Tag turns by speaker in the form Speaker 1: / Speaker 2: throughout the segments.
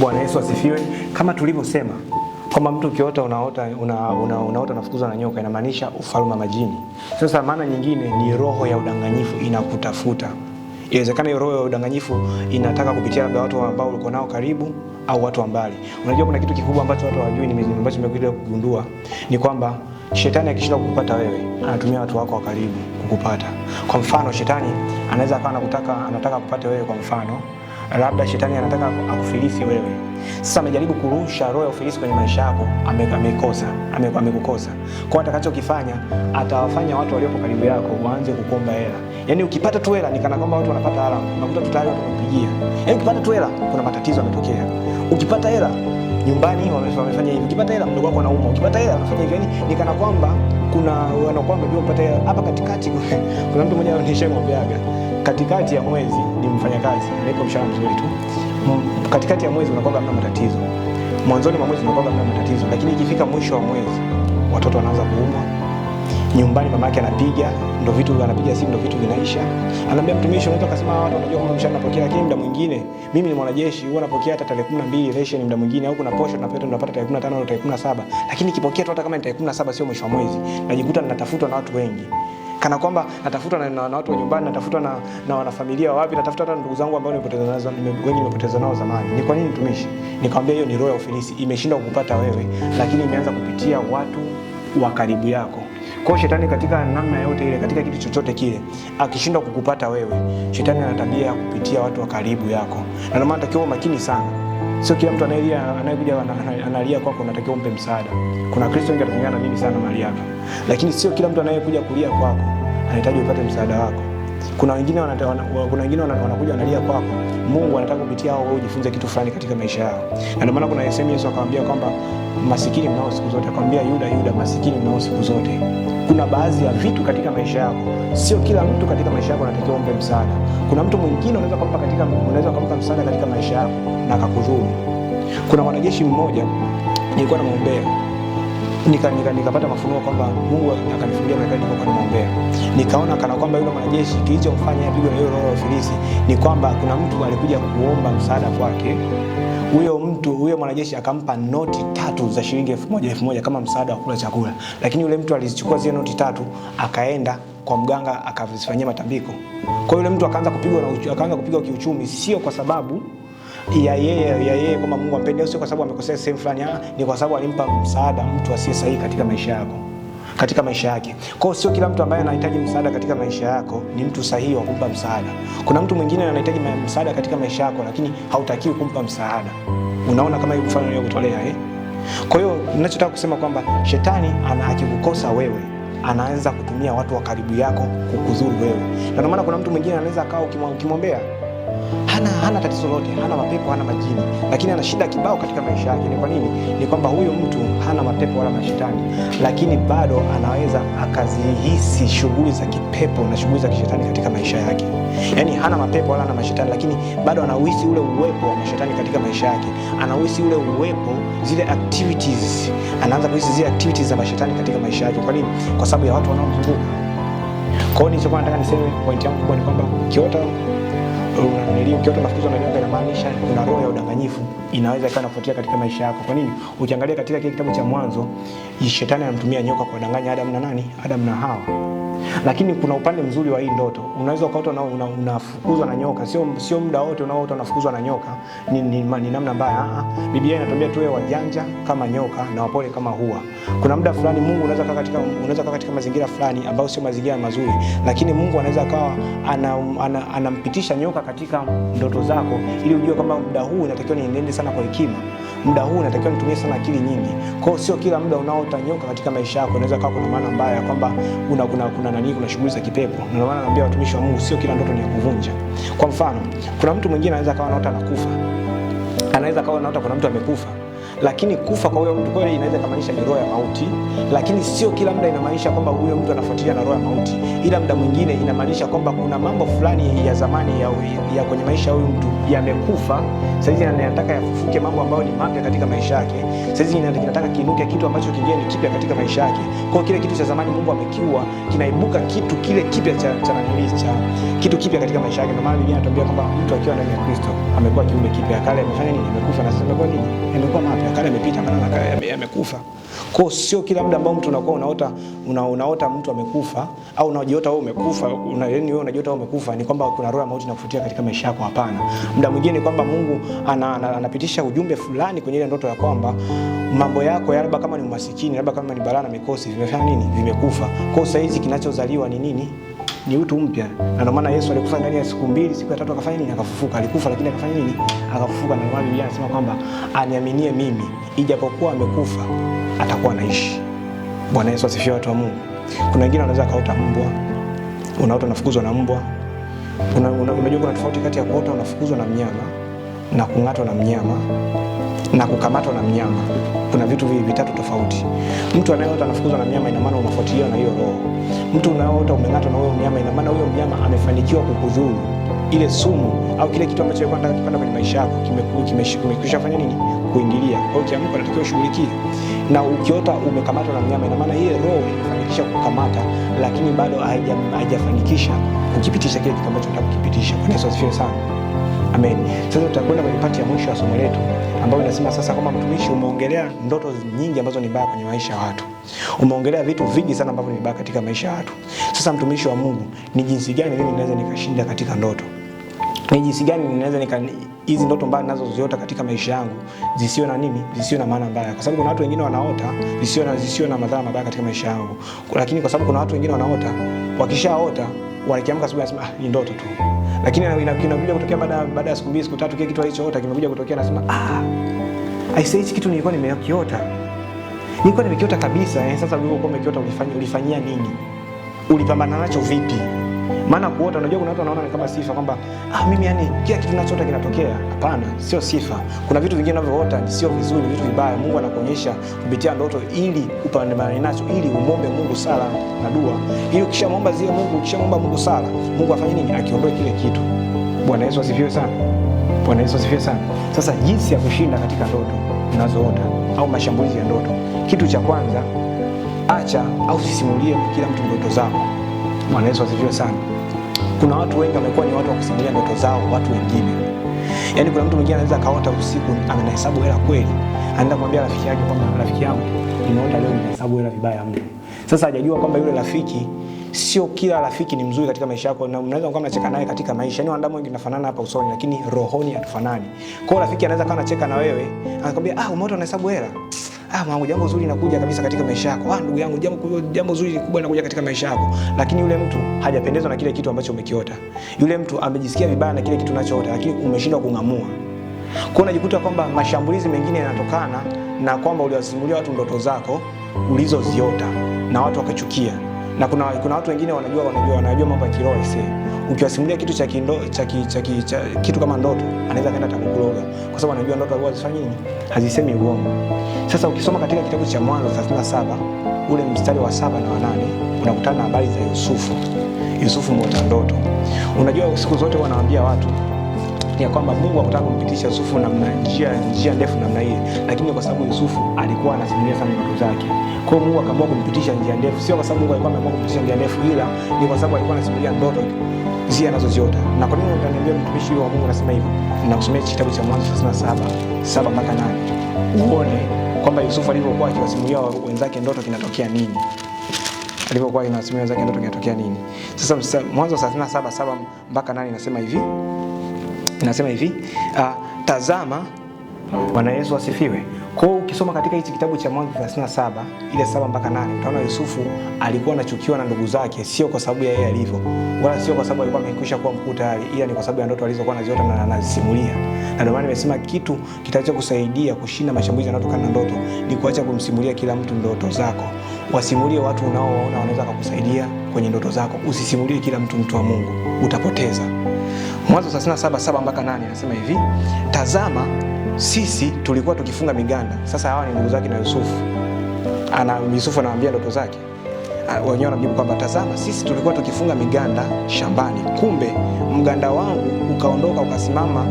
Speaker 1: Bwana Yesu asifiwe. Kama tulivyosema kwamba mtu ukiota unaota una, una, unaota unafukuzwa na nyoka, inamaanisha ufalme wa majini. Sasa maana nyingine ni roho ya udanganyifu inakutafuta. Inawezekana hiyo roho ya udanganyifu inataka kupitia labda watu ambao uliko nao karibu au watu wa mbali. Unajua, kuna kitu kikubwa ambacho watu hawajui, ni mimi ambacho nimekuja kugundua ni kwamba shetani akishinda kukupata wewe, anatumia watu wako wa karibu kukupata. Kwa mfano, shetani anaweza akawa anakutaka anataka kupata wewe, kwa mfano labda shetani anataka akufilisi wewe. Sasa amejaribu kurusha roho ya ufilisi kwenye maisha yako, amekosa, amekukosa. Kwa atakachokifanya atawafanya watu waliopo karibu yako waanze kukomba hela. Yaani ukipata tu hela ni kana kwamba watu wanapata alarm. Unakuta tu tayari watu wanakupigia. Yaani ukipata tu hela kuna matatizo yametokea. Ukipata hela nyumbani wamefanya hivi, ukipata hela mdogo wako anauma, ukipata hela anafanya hivi, yani kana kwamba kuna wanakuwa wamejua kupata hela. Hapa katikati kuna mtu mmoja anaonyesha ng'ombe yake katikati ya mwezi ni mfanyakazi niko mshahara mzuri tu, katikati ya mwezi unakuwa kuna matatizo, mwanzoni mwa mwezi unakuwa kuna matatizo, lakini ikifika mwisho wa mwezi watoto wanaanza kuumwa nyumbani, mama yake anapiga ndo vitu anapiga simu ndo vitu vinaisha, anaambia mtumishi. Unaweza kusema watu wanajua kwamba mshahara napokea, lakini muda mwingine mimi ni mwanajeshi, huwa napokea hata tarehe 12 leshen, muda mwingine au kuna posho tunapata tunapata tarehe 15 au tarehe 17, lakini kipokea tu hata kama ni tarehe 17 sio mwisho wa mwezi, najikuta ninatafutwa na watu wengi kana kwamba natafutwa na, na, na watu wa nyumbani, natafutwa na, na wanafamilia wapi, natafutwa hata ndugu zangu ambao nimepoteza nao, wengi nimepoteza nao zamani. Ni kwa nini mtumishi? Nikamwambia hiyo ni roho ya ufilisi, imeshindwa kukupata wewe, lakini imeanza kupitia watu wa karibu yako. Kwa shetani katika namna yote ile, katika kitu chochote kile, akishindwa kukupata wewe, shetani ana tabia ya kupitia watu wa karibu yako, na ndio maana takiwa makini sana Sio kila mtu anayelia anayekuja analia kwako unatakiwa umpe msaada. Kuna Kristo wengi atatengana mimi sana mali hapa, lakini sio kila mtu anayekuja kulia kwako anahitaji upate msaada wako. Kuna wengine wana, kuna wengine wanakuja wanalia kwako, Mungu anataka kupitia hao ujifunze kitu fulani katika maisha yao. Na ndio maana kuna sehemu Yesu akamwambia kwamba masikini mnao siku zote, akamwambia Yuda, Yuda, masikini mnao siku zote kuna baadhi ya vitu katika maisha yako, sio kila mtu katika maisha yako anatakiwa umpe msaada. Kuna mtu mwingine unaweza kumpa katika unaweza kumpa msaada katika maisha yako na akakudhuru. Kuna mwanajeshi mmoja nilikuwa namuombea nikapata nika, nika mafunuo kwamba Mungu akanifungia Marekani kwa kuniombea. Nikaona kana kwamba yule mwanajeshi kilichomfanya apigwe na yule roho ya Filisti ni kwamba kuna mtu alikuja kuomba msaada kwake. Huyo mtu huyo mwanajeshi akampa noti tatu za shilingi elfu moja elfu moja kama msaada wa kula chakula, lakini yule mtu alizichukua zile noti tatu akaenda kwa mganga akazifanyia matambiko. Kwa yule mtu akaanza kupigwa na akaanza kupigwa kiuchumi, sio kwa sababu ya yeye ya yeye kwamba Mungu ampendi, sio kwa sababu amekosea sehemu fulani, ah, ni kwa sababu alimpa msaada mtu asiye sahihi katika maisha yako katika maisha yake. Kwa hiyo sio kila mtu ambaye anahitaji msaada katika maisha yako ni mtu sahihi wa kumpa msaada. Kuna mtu mwingine anahitaji msaada katika maisha yako, lakini hautakiwi kumpa msaada. Unaona kama hiyo mfano kutolea eh? Kwa hiyo ninachotaka kusema kwamba shetani ana akikukosa wewe anaanza kutumia watu wa karibu yako kukudhuru wewe, na ndio maana kuna mtu mwingine anaweza akawa ukimwombea hana hana tatizo lote, hana mapepo, hana majini, lakini ana shida kibao katika maisha yake. Ni kwa nini? Ni kwamba huyo mtu hana mapepo wala mashetani, lakini bado anaweza akazihisi shughuli za kipepo na shughuli za kishetani katika maisha yake. Yaani hana mapepo wala hana mashetani, lakini bado anauhisi ule uwepo wa mashetani katika maisha yake, anauhisi ule uwepo, zile activities, anaanza kuhisi zile activities za mashetani katika maisha yake. Kwa nini? Kwa sababu ya watu wanaomzunguka. Kwa hiyo nilichokuwa nataka niseme, point yangu kubwa ni kwamba kiota unanili ukiwa na nyoka, inamaanisha kuna roho ya udanganyifu inaweza ikawa inafuatia katika maisha yako. Kwa nini? Ukiangalia katika kile kitabu cha Mwanzo, shetani anamtumia nyoka kuwadanganya Adamu na nani, Adamu na Hawa. Lakini kuna upande mzuri wa hii ndoto. Unaweza ukaota unafukuzwa na nyoka, sio sio muda wote unaoota unafukuzwa na nyoka. Ni, ni, ni namna mbaya. Ah, ah. Biblia inatuambia tuwe wajanja kama nyoka na wapole kama hua. Kuna muda fulani Mungu unaweza kaa katika unaweza kaa katika mazingira fulani ambayo sio mazingira mazuri, lakini Mungu anaweza akawa anampitisha ana, ana nyoka katika ndoto zako ili ujue kwamba muda huu inatakiwa niendende sana kwa hekima muda huu unatakiwa nitumie sana akili nyingi. Kwa hiyo sio kila muda unaotanyoka katika maisha yako unaweza kuwa kuna maana mbaya kwamba una kuna kuna nani kuna shughuli za kipepo. Na ndio maana naambia watumishi wa Mungu sio kila ndoto ni kuvunja. Kwa mfano, kuna mtu mwingine anaweza kawa anaota anakufa. Anaweza kawa anaota kuna mtu amekufa. Lakini kufa kwa huyo mtu kweli inaweza kumaanisha ni roho ya mauti, lakini sio kila muda inamaanisha kwamba huyo mtu anafuatilia na roho ya mauti, ila muda mwingine inamaanisha kwamba kuna mambo fulani ya zamani ya, ya kwenye maisha ya huyu mtu yamekufa, saizi anataka yafufuke mambo ambayo ni mapya katika maisha yake, saizi inataka kiinuke kitu ambacho kingine ni kipya katika maisha yake. Kwa kile kitu cha zamani Mungu amekiua, kinaibuka kitu kile kipya cha cha cha kitu kipya katika maisha yake. Ndio maana Biblia inatuambia kwamba mtu akiwa ndani ya Kristo amekuwa kiumbe kipya, kale amefanya nini? Amekufa na sasa amekuwa nini? Amekuwa mapya ya kale amepita kana amekufa. Kwa hiyo sio kila muda ambao mtu unakuwa unaota una, unaota mtu amekufa au unajiota wewe umekufa, una yani wewe unajiota wewe umekufa, ni kwamba kuna roho ya mauti inakufuatia katika maisha yako. Hapana, muda mwingine ni kwamba Mungu anapitisha ana, ana ujumbe fulani kwenye ile ndoto ya kwamba mambo yako labda kama ni umasikini, labda kama ni balaa na mikosi, vimefanya nini, vimekufa. Kwa hiyo hizi kinachozaliwa ni nini? ni utu mpya, na ndio maana Yesu alikufa ndani ya siku mbili, siku ya tatu akafanya nini? Akafufuka. Alikufa lakini akafanya nini? Akafufuka. Na maana Biblia inasema kwamba aniaminie mimi, ijapokuwa amekufa atakuwa anaishi. Bwana Yesu asifiwe, watu wa Mungu. Kuna wengine wanaweza kaota mbwa, unaota unafukuzwa na mbwa. Unajua kuna tofauti kati ya kuota unafukuzwa na mnyama na kung'atwa na mnyama na kukamatwa na mnyama kuna vitu hivi vitatu tofauti. Mtu anayeota anafukuzwa na mnyama, ina maana unafuatiliwa na hiyo roho. Mtu unayeota umeng'atwa na huyo mnyama, ina maana huyo mnyama amefanikiwa kukudhuru. Ile sumu au kile kitu ambacho alikuwa anataka kipanda kwenye maisha yako fanya nini? Kuingilia. Kwa hiyo ukiamka, unatakiwa ushughulikie. Na ukiota umekamatwa na mnyama, ina maana hiyo roho imefanikisha kukamata, lakini bado haijafanikisha kukipitisha kile kitu ambacho nataka kukipitisha. Kwa Yesu asifiwe sana, amen. Sasa tutakwenda kwenye pati ya mwisho ya somo letu ambayo inasema sasa kwamba mtumishi, umeongelea ndoto nyingi ambazo ni mbaya kwenye maisha ya watu, umeongelea vitu vingi sana ambavyo ni mbaya katika maisha ya watu. Sasa mtumishi wa Mungu, ni jinsi gani mimi naweza nikashinda katika ndoto? Ni jinsi gani ninaweza nika hizi ndoto mbaya ninazoziota katika maisha yangu zisiwe na nini, zisiwe na maana mbaya, kwa sababu kuna watu wengine wanaota zisiwe na zisiwe na madhara mabaya katika maisha yangu, lakini kwa sababu kuna watu wengine wanaota, wakishaota wanakiamka asubuhi, anasema ah, ni ndoto tu lakini inakuja kutokea baada baada ya siku mbili siku tatu, kile kitu alichoota kimekuja kutokea, nasema ah, hichi kitu nilikuwa nimekiota, nilikuwa nimekiota kabisa. Eh, sasa ulivyokuwa umekiota ulifanyia nini? Ulipambana nacho vipi? Maana kuota, unajua kuna watu wanaona kama sifa kwamba ah, mimi yani kila kitu ninachoota kinatokea. Hapana, sio sifa. Kuna vitu vingine unavyoota sio vizuri, vitu vibaya, Mungu anakuonyesha kupitia ndoto ili upambane nacho, ili umombe Mungu sala na dua, ili ukishamwomba zile Mungu, ukishamwomba Mungu sala, Mungu afanye nini? Akiondoe kile kitu. Bwana Yesu asifiwe sana. Bwana Yesu asifiwe sana. Sasa jinsi ya kushinda katika ndoto unazoota au mashambulizi ya ndoto, kitu cha kwanza, acha au sisimulie kila mtu ndoto zako. Bwana Yesu asifiwe sana. Kuna watu wengi wamekuwa ni watu wa kusimulia ndoto zao watu wengine. Yaani kuna mtu mwingine anaweza kaota usiku anahesabu hela kweli, anaenda kumwambia rafiki yake kwamba rafiki yangu nimeota leo nimehesabu hela vibaya mno. Sasa hajajua kwamba yule rafiki sio kila rafiki ni mzuri katika maisha yako, na mnaweza kuwa mnacheka naye katika maisha. Yaani wanadamu wengi tunafanana hapa usoni, lakini rohoni hatufanani. Kwa hiyo rafiki anaweza kuwa anacheka na wewe, akakwambia ah, umeota unahesabu hela ah, mwanangu, jambo zuri linakuja kabisa katika maisha yako, ah, ndugu yangu, jambo jambo zuri kubwa linakuja katika maisha yako. Lakini yule mtu hajapendezwa na kile kitu ambacho umekiota, yule mtu amejisikia vibaya na kile kitu unachoota, lakini umeshindwa kung'amua. Kwa unajikuta kwamba mashambulizi mengine yanatokana na kwamba uliwasimulia watu ndoto zako ulizoziota na watu wakachukia na kuna, kuna watu wengine wanajua wanajua wanajua mambo ya kiroho ise. Ukiwasimulia kitu cha kindo, cha, ki, cha, ki, cha kitu kama ndoto, anaweza kaenda atakukuroga kwa sababu anajua ndoto alikuwa azifanya nini, hazisemi uongo. Sasa ukisoma katika kitabu cha Mwanzo 37 ule mstari wa saba na wanane unakutana na habari za Yusufu, Yusufu mwota ndoto. Unajua siku zote wanawaambia watu ya kwamba Mungu hakutaka kumpitisha Yusufu namna njia njia ndefu namna hii, lakini kwa sababu Yusufu alikuwa anasimulia sana ndoto zake kwa Mungu akaamua kumpitisha njia ndefu, sio kwa sababu Mungu alikuwa ameamua kumpitisha njia ndefu, ila ni kwa sababu alikuwa anasimulia ndoto njia anazoziota. Na kwa nini utaniambia mtumishi wa Mungu anasema hivyo? Nakusomea kitabu cha Mwanzo 37 7 mpaka 8 uone kwamba Yusufu alivyokuwa akiwasimulia wenzake ndoto kinatokea nini alivyokuwa inasimulia wenzake ndoto kinatokea nini. Sasa Mwanzo 37:7 mpaka 8 inasema hivi, inasema hivi uh, tazama Bwana Yesu asifiwe. Kwa hiyo ukisoma katika hichi kitabu cha Mwanzo 37 ile saba mpaka nane utaona Yusufu alikuwa anachukiwa na ndugu zake, sio kwa sababu ya yeye alivyo, wala sio kwa sababu alikuwa amekwisha kuwa mkuu tayari, ila ni kwa sababu ya ndoto alizokuwa anaziota na anazisimulia. Na ndio maana nimesema kitu kitaweza kusaidia kushinda mashambulizi yanayotokana na ndoto ni kuacha kumsimulia kila mtu ndoto zako. Wasimulie watu unaowaona wanaweza kukusaidia kwenye ndoto zako, usisimulie kila mtu. Mtu wa Mungu utapoteza. Mwanzo 37:7 mpaka 8 anasema hivi, tazama sisi tulikuwa tukifunga miganda. Sasa hawa ni ndugu zake na Yusufu, ana Yusufu anamwambia ndoto zake, ah, wenyewe wanamjibu kwamba tazama, sisi tulikuwa tukifunga miganda shambani, kumbe mganda wangu ukaondoka ukasimama,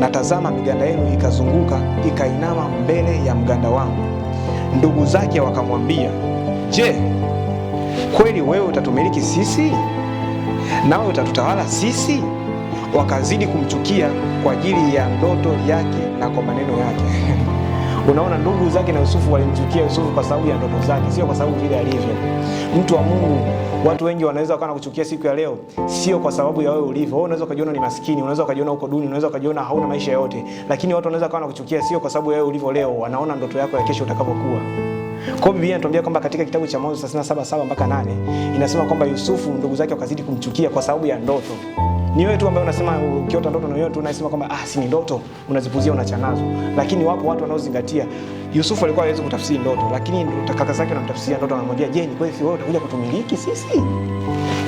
Speaker 1: na tazama miganda yenu ikazunguka ikainama mbele ya mganda wangu. Ndugu zake wakamwambia, je, kweli wewe utatumiliki sisi nawe utatutawala sisi? wakazidi kumchukia kwa ajili ya ndoto yake na kwa maneno yake. Unaona, ndugu zake na Yusufu walimchukia Yusufu kwa sababu ya ndoto zake, sio kwa sababu vile alivyo. Mtu wa Mungu, watu wengi wanaweza wakawa nakuchukia siku ya leo, sio kwa sababu ya wewe ulivyo. Wewe unaweza ukajiona ni maskini, unaweza ukajiona uko duni, unaweza ukajiona hauna maisha yote, lakini watu wanaweza wakawa nakuchukia sio kwa sababu ya wewe ulivyo leo, wanaona ndoto yako ya kesho utakapokuwa. Kwa hiyo Biblia inatuambia kwamba katika kitabu cha Mwanzo 37:7 mpaka 8 inasema kwamba Yusufu ndugu zake wakazidi kumchukia kwa sababu ya ndoto. Ni wewe tu ambaye unasema ukiota ndoto na wewe tu unasema kwamba ah, si ni ndoto, unazipuzia unachanazo. Lakini wapo watu wanaozingatia. Yusufu alikuwa hawezi kutafsiri ndoto, lakini kaka zake anamtafsiria ndoto, anamwambia je, ni kweli wewe utakuja kutumiliki sisi?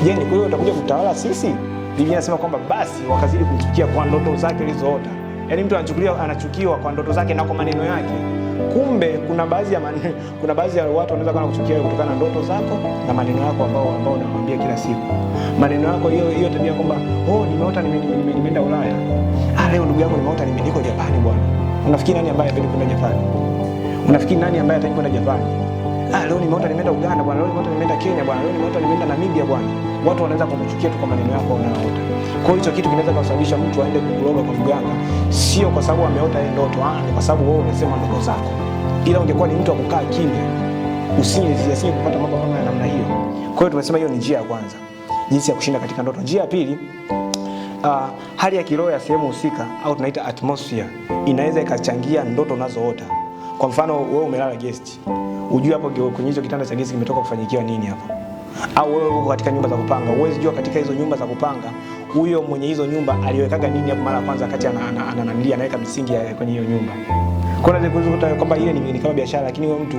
Speaker 1: Je, ni kweli utakuja kutawala sisi? Biblia inasema kwamba basi wakazidi kumchukia kwa ndoto zake alizoota. Yaani mtu anachukuliwa anachukiwa kwa ndoto zake na kwa maneno yake. Kumbe kuna baadhi ya man, kuna baadhi ya watu wanaweza kana kuchukia kutokana na ndoto zako na maneno yako ambao ambao unawaambia kila siku. Maneno yako hiyo hiyo tabia kwamba oh, nimeota nimeenda nime, nime, Ulaya. Ah, leo ndugu yangu nimeota niko Japani bwana. Unafikiri nani ambaye anapenda kwenda Japani? Unafikiri nani ambaye atakwenda kwenda Japani? Ah, leo nimeota nimeenda Uganda bwana, leo nimeota nimeenda Kenya bwana, leo nimeota nimeenda Namibia bwana. Watu wanaweza kukuchukia tu kwa maneno yako unayoota. Kwa hiyo hicho kitu kinaweza kusababisha mtu aende kuloga kwa mganga, sio kwa sababu ameota ile ndoto, ah, ni kwa sababu wewe unasema ndoto zako. Ila ungekuwa ni mtu wa kukaa kimya, usinge usinge kupata mambo kama ya namna hiyo. Kwa hiyo tumesema hiyo ni njia ya kwanza, jinsi ya kushinda katika ndoto. Njia ya pili Uh, hali ya kiroho ya sehemu husika au tunaita atmosphere inaweza ikachangia ndoto unazoota. Kwa mfano wewe umelala guest, ujue hapo kwenye hicho kitanda cha guest kimetoka kufanyikiwa nini hapo, au wewe uko katika nyumba za kupanga, uwezi jua katika hizo nyumba za kupanga huyo mwenye hizo nyumba aliwekaga nini hapo mara ya kwanza, wakati anananilia anaweka misingi kwenye hiyo nyumba. Kwa hiyo kwamba ile ni kama biashara, lakini huyo mtu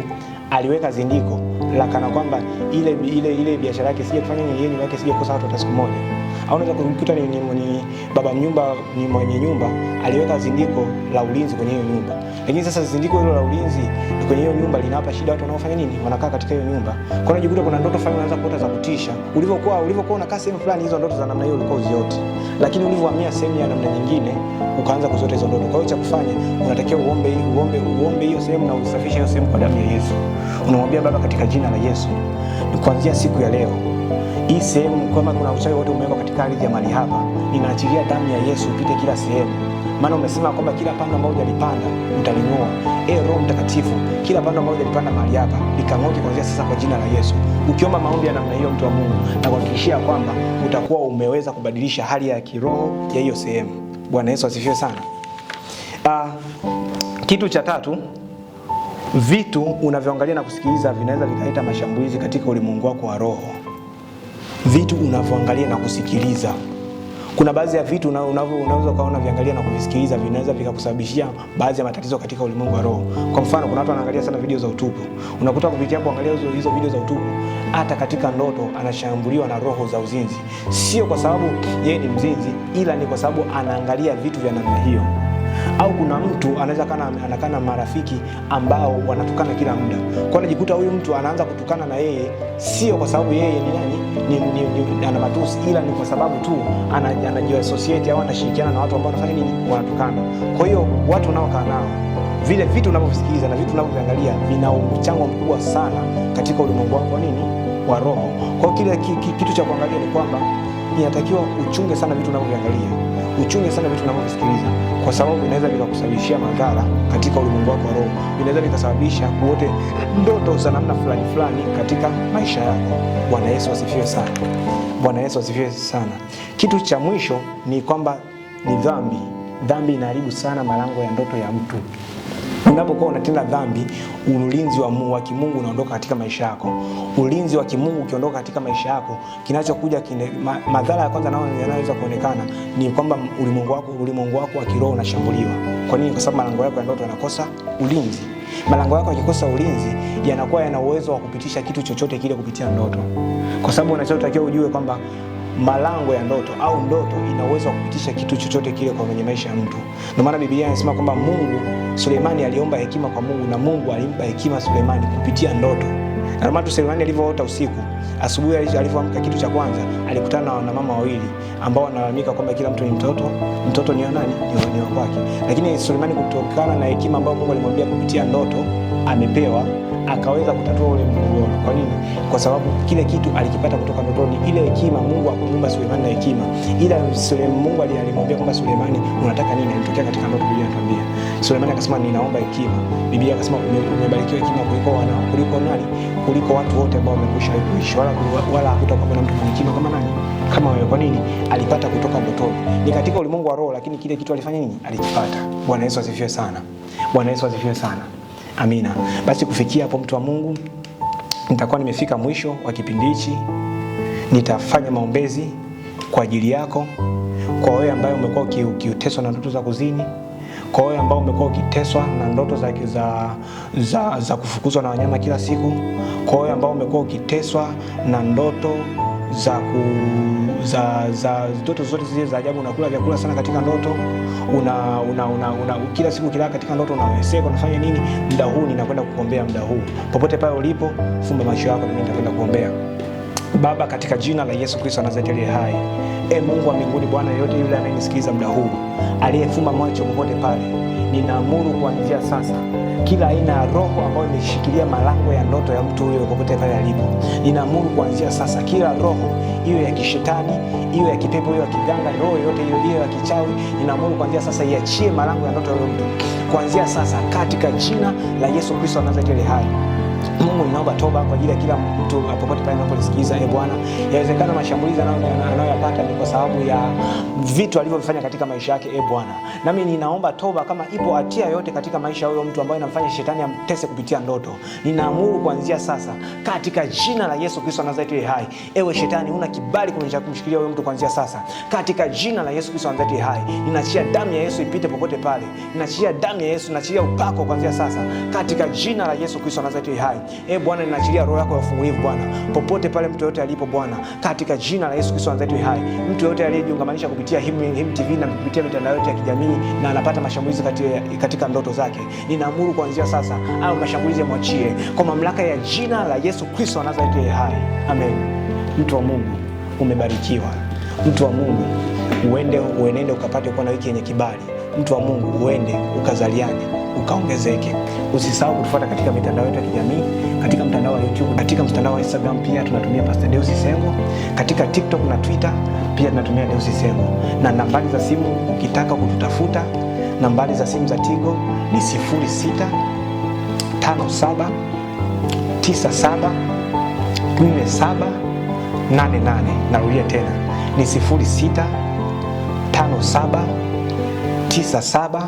Speaker 1: aliweka zindiko la kana kwamba ile ile ile biashara yake sije kufanya nini, yeye yake sije kukosa watu hata siku moja au unaweza kumkuta ni, ni, ni baba nyumba, ni mwenye nyumba aliweka zindiko la ulinzi kwenye hiyo nyumba, lakini sasa zindiko hilo la ulinzi kwenye hiyo nyumba linawapa shida watu wanaofanya nini, wanakaa katika hiyo nyumba. Kwa hiyo unajikuta kuna ndoto fulani unaanza kuota za kutisha. Ulivyokuwa ulivyokuwa unakaa sehemu fulani, hizo ndoto za namna hiyo ulikuwa uzioti, lakini ulivyohamia sehemu ya namna nyingine ukaanza kuzota hizo ndoto. Kwa hiyo cha kufanya unatakiwa uombe uombe uombe hiyo sehemu na usafishe hiyo sehemu kwa damu ya Yesu. Unamwambia Baba, katika jina la Yesu, ni kuanzia siku ya leo hii sehemu kama kuna uchawi wote umewekwa katika ardhi ya mali hapa, ninaachilia damu ya Yesu ipite kila sehemu, maana umesema kwamba kila pando ambalo hujalipanda utaling'oa. E ee Roho Mtakatifu, kila pando ambalo hujalipanda mali hapa likang'oke kuanzia sasa kwa jina la Yesu. Ukiomba maombi ya namna hiyo, mtu wa Mungu, na kuhakikishia kwamba utakuwa umeweza kubadilisha hali ya kiroho ya hiyo sehemu. Bwana Yesu asifiwe sana. Uh, kitu cha tatu vitu unavyoangalia na kusikiliza vinaweza vikaleta mashambulizi katika ulimwengu wako wa roho vitu unavyoangalia na kusikiliza. Kuna baadhi ya vitu unaweza ukaona viangalia na kuvisikiliza vinaweza vikakusababishia baadhi ya matatizo katika ulimwengu wa roho. Kwa mfano, kuna watu wanaangalia sana video za utupu, unakuta kupitia kuangalia hizo video za utupu, hata katika ndoto anashambuliwa na roho za uzinzi, sio kwa sababu yeye ni mzinzi, ila ni kwa sababu anaangalia vitu vya namna hiyo au kuna mtu anaweza kana anakana marafiki ambao wanatukana kila muda, kwa anajikuta huyu mtu anaanza kutukana na yeye, sio kwa sababu yeye ni nani, ni, ni, ni, ana matusi, ila ni kwa sababu tu anajiassociate au anashirikiana na watu ambao wanafanya nini, wanatukana. Kwa hiyo watu unaokaa nao vile vitu unavyovisikiliza na vitu unavyoviangalia vina mchango mkubwa sana katika ulimwengu wako nini wa roho. Kwa hiyo kile kitu cha kuangalia ni kwamba inatakiwa uchunge sana vitu unavyoviangalia uchunge sana vitu unavyovisikiliza, kwa sababu vinaweza vikakusababishia madhara katika ulimwengu wako wa roho. Vinaweza vikasababisha kuote ndoto za namna fulani fulani katika maisha yako. Bwana Yesu asifiwe sana. Bwana Yesu asifiwe sana. Kitu cha mwisho ni kwamba ni dhambi. Dhambi inaharibu sana malango ya ndoto ya mtu. Unapokuwa unatenda dhambi, ulinzi wa kimungu unaondoka katika maisha yako. Ulinzi wa kimungu ukiondoka katika maisha yako, kinachokuja ma, madhara ya kwanza yanayoweza kuonekana ni kwamba ulimwengu wako ulimwengu wako wa kiroho unashambuliwa. Kwa nini? Kwa sababu malango yako ya ndoto yanakosa ulinzi. Malango yako yakikosa ulinzi, yanakuwa yana uwezo wa kupitisha kitu chochote kile kupitia ndoto, kwa sababu unachotakiwa ujue kwamba malango ya ndoto au ndoto inaweza wa kupitisha kitu chochote kile kwa kwenye maisha ya mtu. Ndio maana Biblia inasema kwamba Mungu Sulemani aliomba hekima kwa Mungu na Mungu alimpa hekima Sulemani kupitia ndoto. Na mtu Sulemani alivyoota usiku, asubuhi alivyoamka, kitu cha kwanza alikutana na wanamama wawili ambao wanalalamika kwamba kila mtu ni mtoto, mtoto ni wa nani? Ni wa kwake. Lakini Sulemani kutokana na hekima ambayo Mungu alimwambia kupitia ndoto amepewa akaweza kutatua ule mgogoro. Kwa nini? Kwa sababu kile kitu alikipata kutoka ndotoni, ile hekima. Mungu hakumumba Sulemani na hekima, ila Sulemani, Mungu alimwambia kwamba Sulemani, unataka nini? Alitokea katika ndoto, Biblia inatuambia Sulemani akasema ninaomba hekima. Biblia akasema umebarikiwa hekima kuliko wana kuliko nani, kuliko watu wote ambao wamekwisha kuishi, wala wala hakutakuwa na mtu mwenye hekima kama nani, kama wewe. Kwa nini? Alipata kutoka ndotoni, ni katika ulimwengu wa roho, lakini kile kitu alifanya nini? Alikipata. Bwana Yesu asifiwe sana. Bwana Yesu asifiwe sana. Amina. Basi kufikia hapo, mtu wa Mungu, nitakuwa nimefika mwisho wa kipindi hichi. Nitafanya maombezi kwa ajili yako, kwa wewe ambaye umekuwa ukiteswa na ndoto za kuzini, kwa wewe ambao umekuwa ukiteswa na ndoto za, za, za, za kufukuzwa na wanyama kila siku, kwa wewe ambao umekuwa ukiteswa na ndoto za ku, za, za ndoto zote zile za ajabu. Unakula vyakula sana katika ndoto, una, una, una, una kila siku kila katika ndoto unaweseka, unafanya nini? Muda huu ninakwenda kukuombea, muda huu popote pale ulipo, fumba macho yako, mimi nitakwenda kuombea. Baba, katika jina la Yesu Kristo Nazareti aliye hai, e Mungu wa mbinguni, Bwana, yote yule anayenisikiliza muda huu, aliyefumba macho popote pale, ninaamuru kuanzia sasa kila aina ya roho ambayo imeshikilia malango ya ndoto ya mtu huyo popote pale alipo, ninaamuru kuanzia sasa, kila roho iwe ya kishetani, iwe ya kipepo, iwe ya kiganga, roho yote hiyo ile ya kichawi, ninaamuru kuanzia sasa iachie malango ya ndoto ya mtu kuanzia sasa, katika jina la Yesu Kristo wa Nazareti hai. Mungu ninaomba toba kwa ajili ya kila mtu popote pale anapolisikiza. E ee Bwana, yawezekana mashambulizi anayoyapata ni kwa sababu ya vitu alivyovifanya katika maisha yake. E Bwana, nami ninaomba toba kama ipo hatia yote katika maisha huyo mtu ambaye anamfanya shetani amtese kupitia ndoto. Ninaamuru kuanzia sasa katika jina la Yesu Kristo Nazareti hai. Ewe shetani, una kibali kumshikilia huyo mtu kuanzia sasa katika jina la Yesu Kristo Nazareti hai. Ninachia damu ya Yesu ipite popote pale. ninachia damu ya Yesu, ninachia upako kuanzia sasa katika jina la Yesu Kristo Nazareti hai. E Bwana, ninaachilia roho yako ya ufungulivu Bwana, popote pale mtu yote alipo Bwana, katika jina la Yesu Kristo Nazareti hai. Mtu yote aliyejiungamanisha kupitia Him, Him TV na kupitia mitandao yote ya kijamii na anapata mashambulizi katika, katika ndoto zake, ninaamuru kuanzia sasa au mashambulizi yamwachie kwa mamlaka ya jina la Yesu Kristo Nazareti hai, amen. Mtu wa Mungu umebarikiwa. Mtu wa Mungu uende uenende ukapate kuwa na wiki yenye kibali. Mtu wa Mungu uende ukazaliane ukaongezeke. Usisahau kutufuata katika mitandao yetu ya kijamii, katika mtandao wa YouTube, katika mtandao wa Instagram pia tunatumia Pastor Deus Sengo, katika TikTok na Twitter pia tunatumia Deus Sengo, na nambari za simu ukitaka kututafuta, nambari za simu za Tigo ni 06 57 97 nane 88. Narudia tena ni saba tisa saba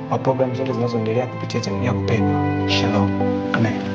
Speaker 1: wa programu zote zinazoendelea kupitia chaneli yako pendwa. Shalom. Amen.